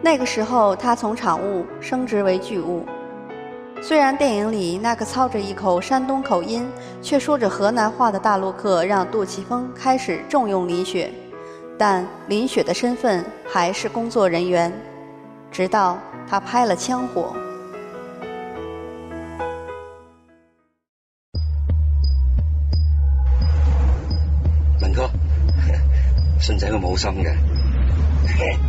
那個時候，他從場務升職為劇務。雖然電影裏那個操着一口山東口音，卻說着河南話的大陸客讓杜琪峰開始重用林雪，但林雪的身份還是工作人員。直到他拍了《槍火》文科。文 哥，順仔佢冇心嘅。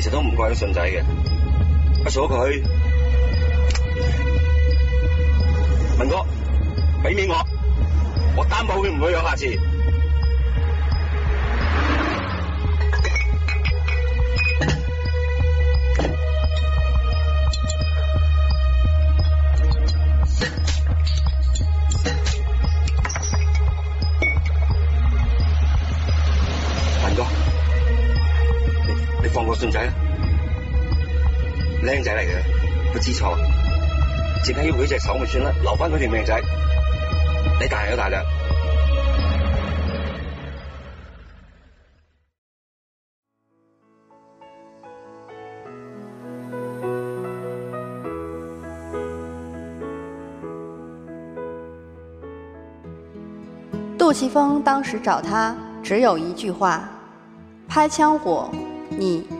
其實都唔怪得順仔嘅，阿嫂佢，文哥俾面我，我擔保佢唔會有下次。俊仔，僆仔嚟嘅，佢知錯，淨係要佢隻手咪算啦，留返佢條命仔，你大有大量。杜琪峰當時找他，只有一句話：拍槍火，你。